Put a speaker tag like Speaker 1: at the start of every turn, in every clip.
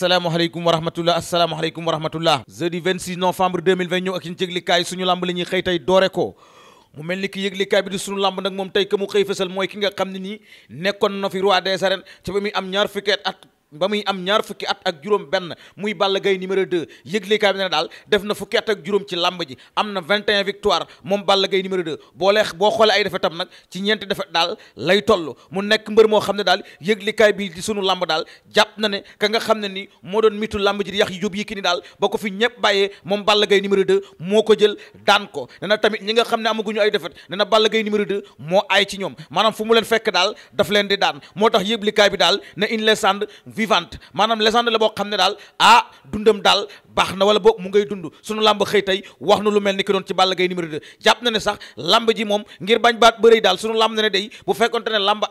Speaker 1: asalaamaaleykum wa rahmatullah asalaamaaleykum wa rahmatullah jeudi 26 novembre 2020 ñëw ak yi ñu yëglikaay suñu lamb la ñuy xëy tey doore ko mu mel ni ki yëglikaay bi di sunu lamb nag moom tey ka mu xëy fësal mooy ki nga xam ne nii nekkoon na fi roi des arènes ca ba muy am ñaar fukki at ba muy am ñaar fukki at ak juróom benn muy Balla Gaye numéro de yëglekaay bi ne daal def na fukki at ak juróom ci làmb ji am na vingt 21 victoire moom Balla Gaye numéro 2 boole boo xoolee ay defetam nag ci ñeenti defet daal lay toll mu nekk mbër moo xam ne daal yëglekaay bi di sunu làmb daal jàpp na ne ka nga xam ne ni moo doon mitu làmb ji di yax yóbbu ni daal ba ko fi ñëpp bàyyee moom Balla Gaye numéro de moo ko jël daan ko ne na tamit ñi nga xam ne amaguñu ay defet ne na Balla Gaye numéro 2 moo ci ñoom maanaam fu leen fekk daal daf leen daan moo tax yëglekaay bi daal ne in les vivante maanaam légende la boo xam ne daal ah dundam daal baax na wala boog mu ngay dund sunu làmb xëy tey wax na lu mel ni ki doon ci Balla Gaye numéro 2 jàpp na ne sax làmb ji ne ne day bu fekkonte ne làmb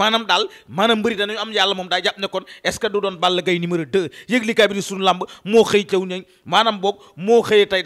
Speaker 1: maanaam daal maanaam mbëri am yàlla moom daa jàpp ne kon est ce que du doon Balla Gaye numéro 2 yëglikaay bi di sunu làmb moo xëy caw ñañ maanaam boog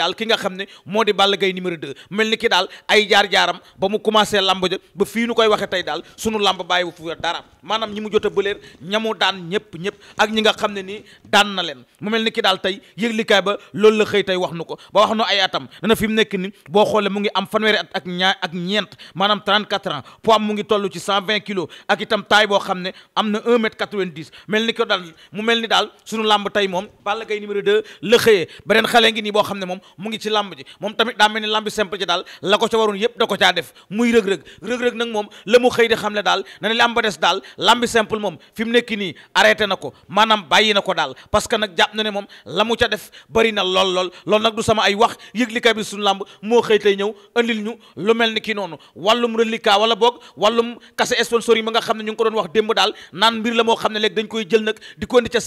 Speaker 1: daal ki nga xam ne moo di Balla Gaye numéro 2 mel ni ki daal ay jaar-jaaram ba mu commencé làmb ja ba fii nu koy waxe tey daal sunu làmb bàyyi fu dara maanaam ñi mu jot a bëleer ñamu daan ñëpp ñëpp ak ñi nga xam ne nii daan na leen mu mel ni ki daal tey yëglikaay ba loolu la xëy tey wax nu ko ba wax nu ay atam dana fi mu nekk ni boo xoolee mu ngi am fanweeri at ak ñaar ak ñeent maanaam 34 ans poids mu ngi toll ci 120 kilos ak itam taille boo xam ne am na 1 mètre 90 mel ni ko daal mu mel ni daal suñu làmb tey moom Balla Gaye numéro 2 la xëyee beneen xale ngi nii boo xam ne moom mu ngi ci làmb ji moom tamit daa mel ni làmb simple ji daal la ko ca waroon yëpp da ko caa def muy rëg-rëg nag moom mu xëy di xam ne daal na ne làmb des daal làmb simple moom fi mu nekk nii arrêté na ko maanaam bàyyi na ko daal parce que nag jàpp na ne moom la mu ca def bëri na lool lool loolu nag du sama ay wax yëglikaay bi suñu làmb moo xëy tey ñëw andil ñu lu mel ni kii noonu wàllum reliquat wala boog wàllum kase sponsor yi ma nga xam ne ñu ko doon wax démb daal naan mbir la moo xam ne léegi dañ koy jël nag di ko indi ca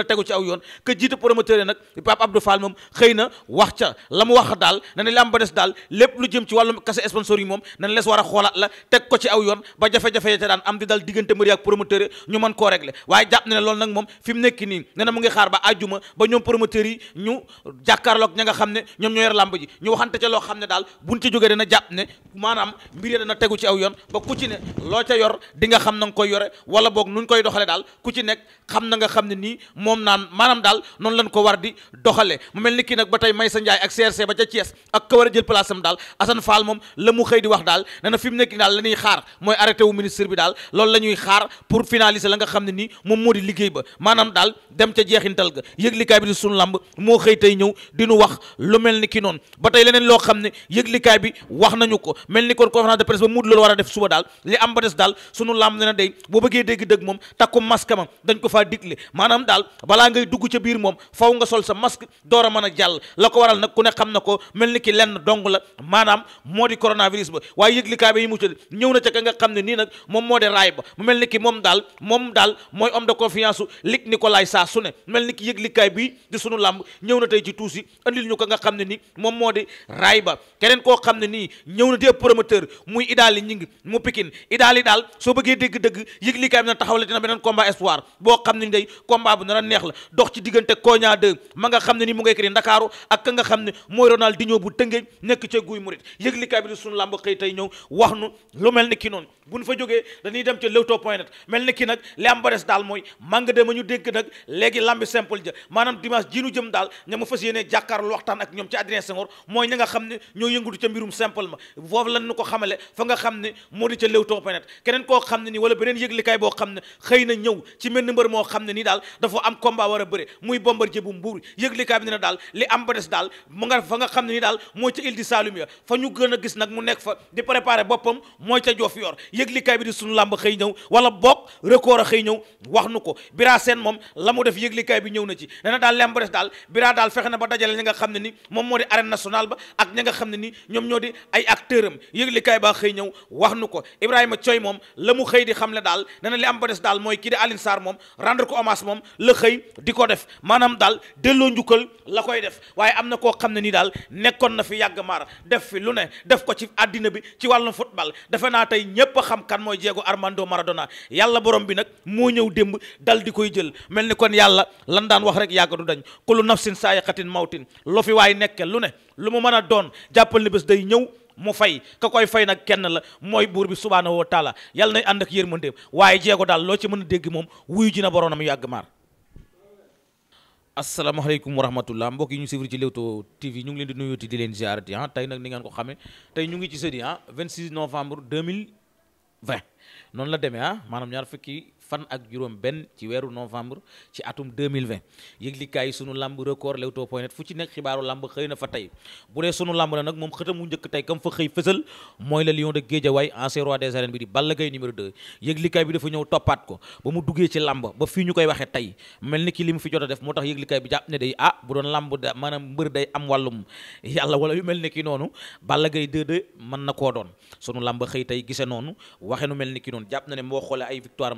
Speaker 1: a tegu ci aw yoon que jiite promoteur yi nag Pape Abdou Fall moom xëy na wax ca la mu wax daal ne lépp lu jëm ci wàllum kase sponsor yi moom na ne lees war a xoolaat la teg ko ci aw yoon ba jafe-jafe ya ca daan am di dal diggante mbër ak promoteur ñu man koo régler waaye jàpp na ne loolu nag moom fi mu nekk nii ne na mu ngi xaar ba àjjuma ba ñoom promoteurs yi ñu jàkkaarloog ña nga xam ne ñoom ñoo yor làmb ji ñu waxante ca loo xam ne daal buñ ci jógee dana jàpp ne maanaam mbir ya dana tegu ci aw yoon ba ku ci ne loo ca yor di nga xam na nga koy yore wala boog nuñ koy doxale daal ku ci nekk xam na nga xam ne nii moom naan maanaam daal noonu lañ ko war di doxale mu mel ni kii nag ba tey Maysa Ndiaye ak CRC ba ca Thiès ak ka war a jël place am daal Assane Fall moom la mu xëy di wax daal ne na fi mu nekk la ñuy xaar mooy arrêté wu ministre bi daal la ñuy xaar pour finaliser la nga xam ne nii moom moo di liggéey ba maanaam daal dem ca jeexintal ga yëglikaay bi di sunu làmb moo xëy tey ñëw di wax lu mel ni ki noonu ba tey leneen loo xam ne yëglikaay bi wax nañu ko mel ni kon conférence de presse ba muud loolu war a def suba daal li am ba des daal sunu làmb ne na day boo bëggee dégg dëgg moom ko faa digle maanaam daal balaa ngay dugg ca biir moom faw nga sol sa masque door a mën jàll la ko waral nag ku ne xam na ko mel ni ki lenn dong la maanaam moo di coronavirus ba waaye yëglikaay bi yi mu ñëw na ca ka nga xam ne nii nag moom moo di raay ba mu mel ni ki moom daal moom daal mooy mooy homme de confiance su Luc Nicolaï saa su ne mel ni ki yëglikaay bii di sunu làmb ñëw na tey ci tuusi andil ñu ko nga xam ne ni moom moo di raay ba keneen koo xam ne nii ñëw na di promoteur muy idaali ñi mu pikin idaali daal soo bëggee dégg-dëgg yëglikaay bi na taxawale dina beneen combat espoir boo xam ne ni day combat bu nara neex la dox ci diggante Koña 2 ma nga xam ne ni mu ngay kër Ndakaaru ak ka nga xam ne mooy Ronaldinho ki noonu buñ fa jógee dañuy dem daal mooy manga de a ñu dégg nag léegi lambi simple ja maanaam dimanche ji nu jëm daal ña ma fas yéene jàkkaarlu waxtaan ak ñoom ci Adrien mooy ña nga xam ne ñoo yëngatu ca mbirum simple ma foofu lan nu ko xamale fa nga xam ne moo di ca Leewtoo point keneen koo xam ne nii wala beneen yëglikaay boo xam ne xëy na ñëw ci mel ni mbër moo xam ne nii daal dafa am combat war a bëre muy Bombardier bu Mbuur yëglikaay bi ne na daal li am ba des daal mu nga nga xam ne ni daal mooy ca île di Saloum fa ñu gën a gis nag mu nekk fa di préparer boppam mooy ca Diofior yëglikaay bi di sunu làmb xëy ñëw wala bokk record a xëy ñëw wax nu ko Bira Sène moom la mu def yëglikaay bi ñëw na ci nee daal lem ba des daal Bira daal fexe na ba dajale ñi nga xam ne ni moom moo di arène nationale ba ak ñi nga xam ne nii ñoom ñoo di ay acteur am yëglikaay baa xëy ñëw wax nu ko Ibrahima Coy moom la mu xëy di xam ne daal nee li am ba des daal mooy kii di Aline Sarr moom rendre ko hommage moom la xëy di ko def maanaam daal delloo njukkal la koy def waaye am na koo xam ne nii daal nekkoon na fi yàgg maar def fi lu ne def ko ci àddina bi ci wàllum football defe naa tey ñépp xam kan mooy Diego Armando Maradona yàlla borom bi nag moo ñëw ñëw démb dal di koy jël mel ni kon yàlla lan daan wax rek yàgg du dañ kullu nafsin saayiqatin mawtin lo fi waay nekke lu ne lu mu mën a doon jàppal ni bés day ñëw mu fay ka koy fay nag kenn la mooy buur bi subhaanahu wa taala yàlla nay ànd ak yërmandeem waaye jeego daal loo ci mën a dégg moom wuyu ji na boroonam yàgg maar asalaamaaleykum wa rahmatullah mbokk yi ñu suivre ci Leewtoo TV ñu ngi leen di nuyooti di leen ziarati ah tey nag ni ngeen ko xamee tey ñu ngi ci sedi ah 26 novembre 2020 noonu la demee ah maanaam ñaar fan ak juróom benn ci weeru novembre ci atum 2020 yëglikaay sunu lamb record leewtoo point net fu ci nekk xibaaru lamb xëy na fa tey bu dee sunu lamb la nag moom xëtamu njëkk tey kam fa xëy fësal mooy la lion de Guédiawaye ancien roi des arènes bi di Balla Gaye numéro 2 yëglikaay bi dafa ñëw toppaat ko ba mu duggee ci lamb ba fii ñu koy waxee tey mel ni ki li mu fi jot a def moo tax yëglikaay bi jàpp ne day ah bu doon lamb da maanaam mbër day am wàllum yàlla nu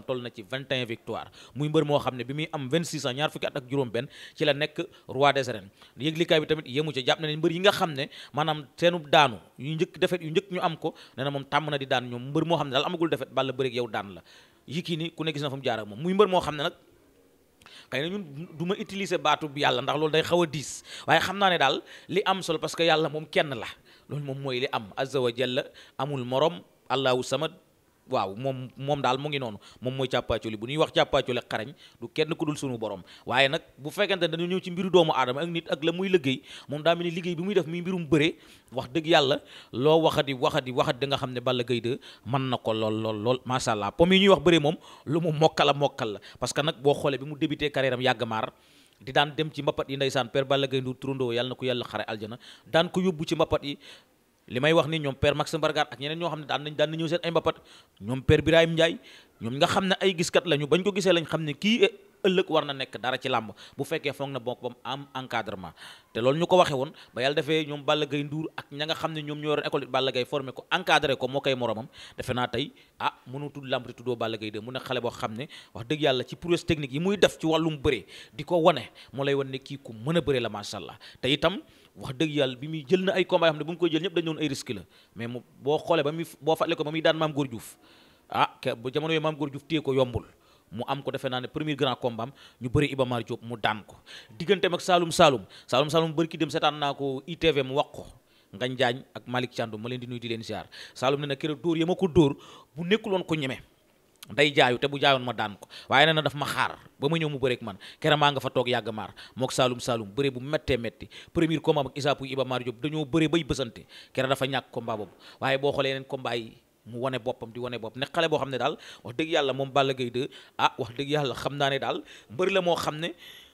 Speaker 1: mel ni ki ci 21 victoire muy mbër moo xam ne bi muy am 26 ans ñaar fukki at ak juróom-benn ci la nekk roi des arènes yëglikaay bi tamit yemu ci jàpp na ne mbër yi nga xam ne maanaam seenu daanu yu njëkk defet yu njëkk ñu am ko nee na moom tàmm na di daan ñoom mbër moo xam ne la Yékini ku ne gis na nag xëy na ñun du ma baatu bi yàlla ndax loolu day xaw a diis waaye xam naa ne daal li am solo parce yàlla moom kenn la loolu moom mooy li am azza amul morom allahu waaw moom moom daal mu ngi noonu moom mooy càppaacoli bu ñuy wax càppaacoli xarañ du kenn ku dul sunu borom waaye nag bu fekkente dañu ñëw ci mbiru doomu aadama ak nit ak la muy liggéey moom daa mel ni liggéey bi muy def muy mbirum bëre wax dëgg yàlla loo waxati waxati waxat da nga xam ne Balla Gaye 2 mën na ko lool lool lool macha allah pom yi ñuy wax bëre moom lu mu mokkal a mokkal la parce que nag boo xoolee bi mu débuté carrière am yàgg maar di daan dem ci mbapat yi ndeysaan Père Balla Gaye Ndour turandoo na ko yàlla xare aljana daan ko yóbbu ci mbapat yi li may wax ni ñoom père Max Mbargane ak ñeneen ñoo xam ne daan nañ daan nañ ñëw seen ay mbapat ñoom père Birahim Ndiaye ñoom nga xam ne ay giskat lañu bañ ko gisee lañ xam ne kii ëllëg war na nekk dara ci làmb bu fekkee foog na bokk ba mu am encadrement te loolu ñu ko waxee woon ba yàlla defee ñoom Balla Gaye Ndour ak ña nga xam ne ñoom ñoo yoroon école Balla gay formé ko encadré ko moo koy moromam defe naa tey ah mënu tudd làmb te tuddoo Balla Gaye xale boo xam ne wax dëgg yàlla ci prouesse technique yi muy def ci wàllum bëre di ko wane moo lay wan ne kii ku mën a bëre la macha allah itam wax dëgg yàlla bi muy jël na ay combat yoo xam ne bu mu koy jël ñëpp dañu doon ay risque la mais mu boo xoolee ba muy boo fàttali ko ba muy daan maam Góor ah ke bu jamono yooyu maam Góor Diouf téye ko yombul mu am ko defee naa ne premier grand combat am ñu bëri Iba Mar Diop mu daan ko saalum saalum Saloum Saloum Saloum Saloum bërki dem seetaan naa ko ITV mu wax ko Ngañ Jaañ ak Malick Thiandoum ma leen di nuyu di leen ziar Saloum ne na keroog dóor ya ma ko dóor bu nekkul woon ko ñeme day jaayu te bu jaayoon ma daan ko waaye nee na daf ma xaar ba ma ñëw mu bëreek man kere maa nga fa toog yàgg maar mook saalum saalum bëre bu méttee métti premier combat ak isaapu iba maar Diop dañoo bëre bay bësante kere dafa ñàkk combat boobu waaye boo xoolee yeneen combat yi mu wane boppam di wane bopp ne xale boo xam ne daal wax dëgg yàlla moom Balla Gaye 2 ah wax dëgg yàlla xam naa ne daal mbër la moo xam ne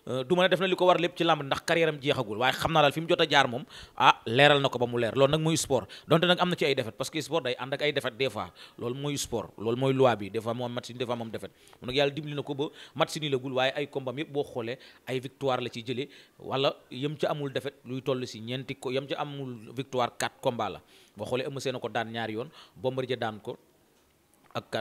Speaker 1: Euh, du ma ne def na li ko war lépp ci làmb ndax carrière am jeexagul waaye xam naa daal fi jot a jaar moom ah leeral na ko ba mu leer loolu nag mooy sport donte nag am na ci ay défaite parce que sport day ànd ak ay défaite des fois loolu mooy sport loolu mooy loi bi des moom match des fois moom défaite mu nag yàlla dimbali na ko ba match ni lagul waaye ay combat yëpp boo xoolee ay victoire la ci jëlee wala yëm ca amul défaite luy toll si ñeenti ko yëm ca amul victoire 4 combat la boo xoolee Eumeu Sène ko daan ñaari yoon Bombardier daan ko ak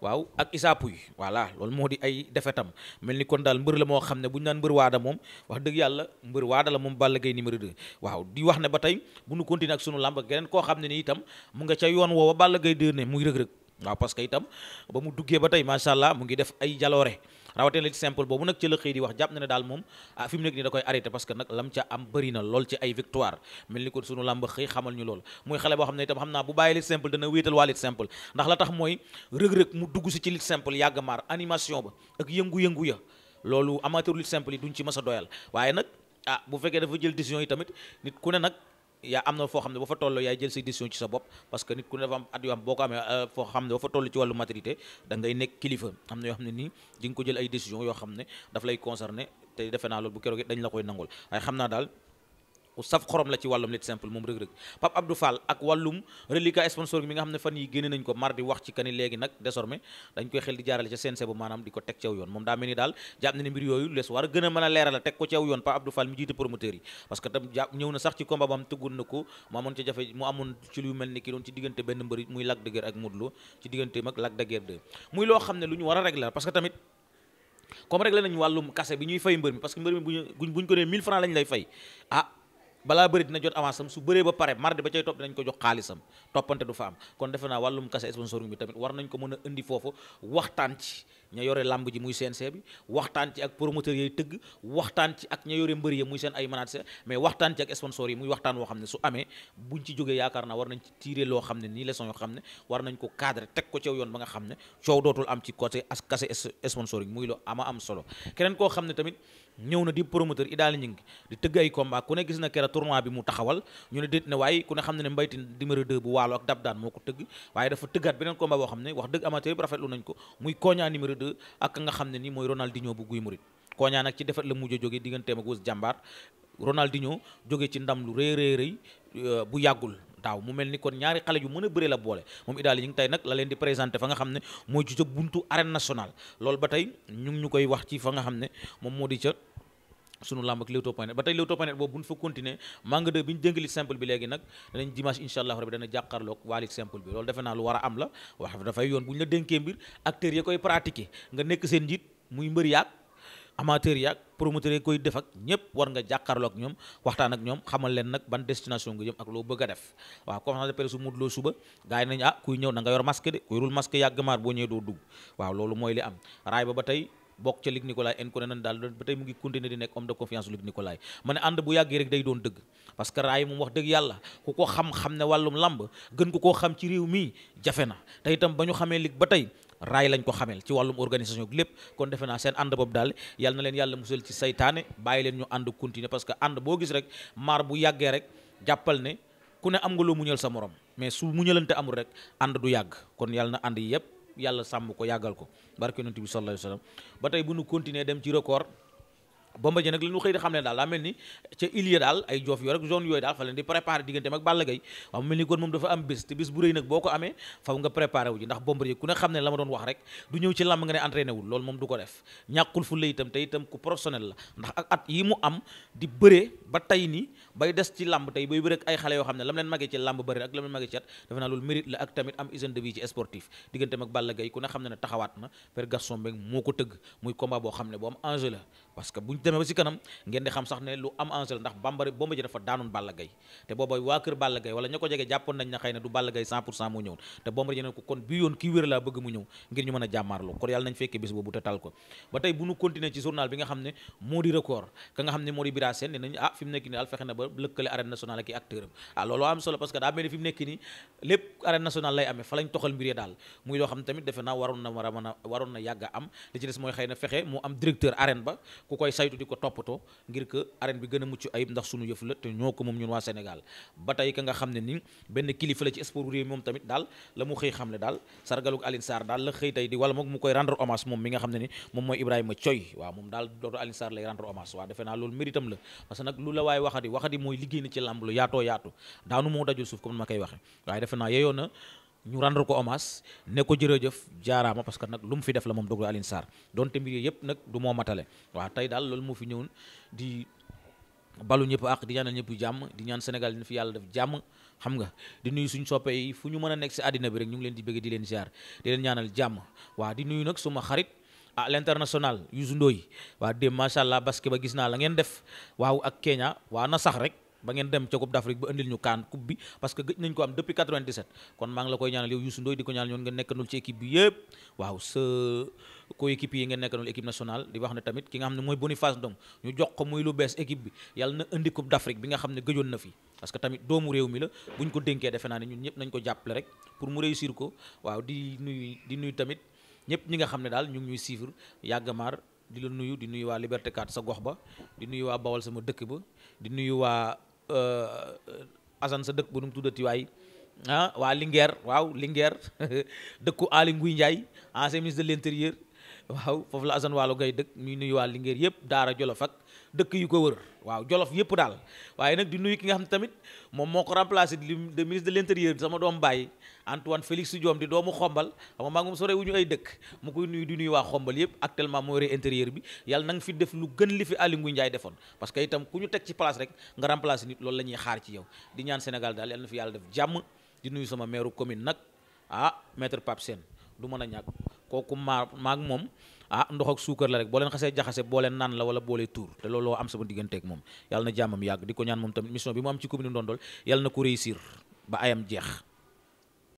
Speaker 1: waaw ak Issa Pouye voilà loolu moo di ay defetam mel ni kon daal mbër la moo xam ne bu ñu naan mbër waada moom wax dëgg yàlla mbër waada la moom Balla Gaye numéro 2 waaw di wax ne ba tey bu nu continuer ak sunu làmb geneen koo xam ne ni itam mu nga ca yoon woowa Balla Gaye 2 ne muy rëg-rëg waaw parce que itam ba mu duggee ba tey macha allah mu ngi def ay jaloore rawatina lutte simple boobu nag ci la xëy di wax jàpp na ne daal moom ah fi nekk nii da koy arrêté parce nag lam ca am bëri na lool ci ay victoire mel ni ko sunu làmb xëy xamal ñu lool muy xale boo xam ne itam xam bàyyi lutte dana wéetal waa lutte ndax la tax mooy rëg-rëg mu dugg si ci lutte yàgg maar animation ba ak yëngu-yëngu ya loolu amateur lutte yi duñ ci mës a doyal waaye nag ah bu fekkee dafa jël décision yi nit ku ne nag yaa am na foo xam ne boo fa toll yaay jël say décision ci sa bopp parce que nit ku ne dafa am boo ko amee euh, foo xam ne boo fa toll ci wàllu maturité da ngay nekk kilifa am na yoo xam ne nii di nga ko jël ay décision yoo xam ne daf lay concerné te defe naa loolu bu keroog dañ la koy nangul waaye xam naa daal ku saf xorom la ci wàllum lit simple moom rëg-rëg Pape Abdou Fall ak wàllum reliquat sponsor bi nga xam ne fan yi génne nañ ko mardi wax ci kani léegi nag désormais dañ koy xel di jaarale ca CNG bu maanaam di ko teg ci yoon moom daa mel ni daal jàpp na ne mbir yooyu lees war a gën a mën a teg ko ci yoon Pape Abdou Fall mi jiite promoteur yi parce que jàpp ñëw na sax ci combat ba tëggoon na ko mu amoon ca jafe mu amoon ci lu balaa bëri dina jot avance su bëree ba pare mardi ba cay topp dinañ ko jox xaalisam toppante du fa am kon defe naa wàllum kase sponsoring bi tamit war nañ ko mën a indi foofu waxtaan ci ña yore làmb ji muy CNG bi waxtaan ci ak promoteur yooyu tëgg waxtaan ci ak ne su amee buñ ci jógee yaakaar loo xam ne nii leçon yoo xam ne war nañ ko cadre teg ko ci yoon ba xam ne coow dootul am ñëw na di promoteur Idaly Gningue di tëgg ay combat ku ne gis na kera tournoi bi mu taxawal ñu ne déet ne waaye ku ne xam ne ne mbaytin numéro 2 bu waalo ak dab moo ko tëgg waaye dafa tëggaat beneen combat boo xam ne wax dëgg amateur bi rafetlu nañ ko muy koñaa numéro numéro 2 ak nga xam ne ni mooy Ronaldinho bu Guy Mouride Koña nag ci defet la mujj a jóge digganteem ak Wës Jàmbaar Ronaldinho jóge ci ndam lu rëy rëy rëy euh, bu yàggul daaw mu mel ni kon ñaari xale yu mën a bëre la boole moom idaal yi ñu ngi tey nag la leen di présenté fa nga xam ne mooy ci buntu arène nationale loolu ba tey ñu ñu koy wax ci fa nga xam ne moom moo di ca sunu làmb ak Leewtoo point net ba tey Leewtoo point net boobu bu ñu fa continuer Manga 2 bi ñu dénk lit simple bi léegi nag danañ dimanche incha allah rabi dana jàkkaarloog waa lit simple bi loolu defe naa lu war a am la wax dafay yoon bu ñu la dénkee mbir acteurs ya koy pratiquer nga nekk seen njiit muy mbër yaag amateur yaag promoteur yi koy def ak ñëpp war nga jàkkaarloo ak ñoom waxtaan ak ñoom xamal leen nag ban destination nga jëm ak loo bëgg a def waaw conférence de presse su Modou Lo suba ah, kuy ñëw na nga yor masque de kuy rul masque yàgg maar boo doo dugg waaw loolu mooy li am raay bokk ca Luc Nicolaï en ko ne nan daal ba tey mu ngi continuer di nekk homme de confiance Luc Nicolaï ma ne ànd bu yàggee rek day doon dëgg parce que raay moom wax dëgg yàlla ku ko xam-xam ne wàllum lamb gën ku koo xam ci réew mii jafe na te itam ba ñu xamee lig ba tey raay lañ ko xamel ci wàllum organisation ak lépp kon defe naa seen ànd boobu daal yàlla na leen yàlla musal ci saytaane bàyyi leen ñu ànd continuer parce que ànd boo gis rek maar bu yàggee rek jàppal ne ku ne am nga loo muñal sa morom mais su muñalante amul rek ànd du yàgg kon yàlla na ànd yëpp yàlla sàmb ko yàggal ko barke yonent bi sallallahu alayhi wa sallam ba tey bu nu continuer dem ci record Bombardier nag li ñu xëy di xam ne daal daa mel ni ca Ilie daal ay joof yoo rek zone yooyu daal fa leen di préparé digganteem ak Balla Gaye waaw mu mel ni kon moom dafa am bés te bés bu rëy nag boo ko amee faw nga préparé ji ndax Bombardier ku ne xam ne la ma doon wax rek du ñëw ci làmb nga ne entraîné wul loolu moom du ko def ñàkkul fu la am di bëree ba tey ni yoo xam ne lam leen magee ci làmb bëri ak lam leen magee ci at dafa naa loolu mérite la ak tamit am hygiène de ci sportif digganteem ak Balla Gaye ku ne xam ne ne taxawaat na Père Gaston Mbengue moo ko tëgg muy combat boo xam ne parce que buñ demee ba ci kanam ngeen di xam sax ne lu am enjeu ndax bambara Bombardier dafa daanoon Balla Gaye te booba waa kër Balla Gaye wala ña ko jege jàppoon nañ na xëy na du Balla Gaye 100 pour cent moo ñëw te Bombardier ne ko kon bi yoon kii wér laa bëgg mu ñëw ngir ñu mën a jàmmaarloo kon yàlla nañ fekkee bis boobu te tal ko ba tey bu ñu continuer ci journal bi nga xam ne moo di record ka nga xam ne moo di Bira Sène ne nañu ah fi mu na ba lëkkale arène nationale ak ah a a waroon na a am li ci des mooy xëy na ku koy saytu di ko toppatoo ngir que arène bi gën a mucc ayib ndax sunu yëf la te ñoo ko moom ñun waa Sénégal ba tey ka nga xam ne ni benn kilifa la ci sport réew moom tamit daal la xëy xam di wala moom koy rendre hommage moom mooy Ibrahima Thioy waaw moom daal docteur Alioune lay rendre hommage waaw defe naa loolu méritam la parce que nag lu la waaye waxati waxati mooy liggéey na ci làmb lu yaatoo yaatu daanu moo dajul suuf comme ma koy waxe waaye ñu rendre ko hommage ne ko jërëjëf jaaraama parce que nag lu mu fi def la moom docteur Alioune Sarr donte mbir yëpp nag du moo matale waa tey daal loolu moo fi ñëwoon di balu ñëpp ak di ñaanal ñëpp jàmm di ñaan Sénégal dina fi yàlla def jàmm xam nga nuyu suñ soppe fu ñu mën a nekk si àddina bi rek ñu ngi leen di bëgg di leen ziar di leen ñaanal jàmm waa di nuyu nag suma xarit a l'international Youssou Ndoye waa démb macha allah basket ba gis naa la ngeen def waaw ak Kenya waa na sax rek. ba ngeen dem ca Coupe d'Afrique ba indil ñu kaan coupe bi parce que gëj nañ ko am depuis 97 kon maa ngi la koy ñaanal yow Youssou Ndoye di ko ñaanal ñoon nga nekkanul ci équipe bi yëpp waaw sa coéquipe yi nga nekkanul équipe nationale di wax ne tamit ki nga xam ne mooy Boniface Ndong ñu jox ko muy lu bees équipe bi yàlla na indi Coupe d'Afrique bi nga xam ne gëjoon na fi parce que tamit doomu réew mi la bu ñu ko dénkee defe naa ne ñun ñëpp nañ ko jàppale rek pour mu réussir ko waaw di nuyu di tamit ñëpp ñi nga xam ne daal ñu ngi ñuy suivre yàgg maar di la nuyu di nuyu waa Liberté 4 sa gox ba di nuyu waa Bawol sama dëkk ba nuyu waa Euh, asan sa dëkk bu nu mu tuddati waay ah, waa Linguère waaw Linguère dëkku Aly Ngouille Ndiaye ancien ministre de l'intérieur waaw foofu la Assane Waalo Gaye dëkk muy nuyu waa Linguère yëpp Daara jolo ak dëkk yu ko wër waaw jolof yëpp daal waaye nag di nuyu ki nga xam ne tamit moom moo ko remplacé di de ministre de l' intérieur sama doom bàyyi Antoine Félix Diome di doomu xombal xam nga maa ngi sore wu ñu ay dëkk mu koy nuyu di nuyu waa na nga fi def lu gën li fi Aly Ngouille Ndiaye defoon parce que itam na fi yàlla def jàmm di nuyu sama maire commune ah a ñàkk moom ah ndox ak suukar la rek boo leen xasee jaxase boo leen naan la wala boo leen tuur te looloo am sama digganteeg moom yàlla na jàmmam yàgg di ko ñaan moom tamit mission bi mu am ci commune Ndondol yàlla na ko réussir ba ayam jeex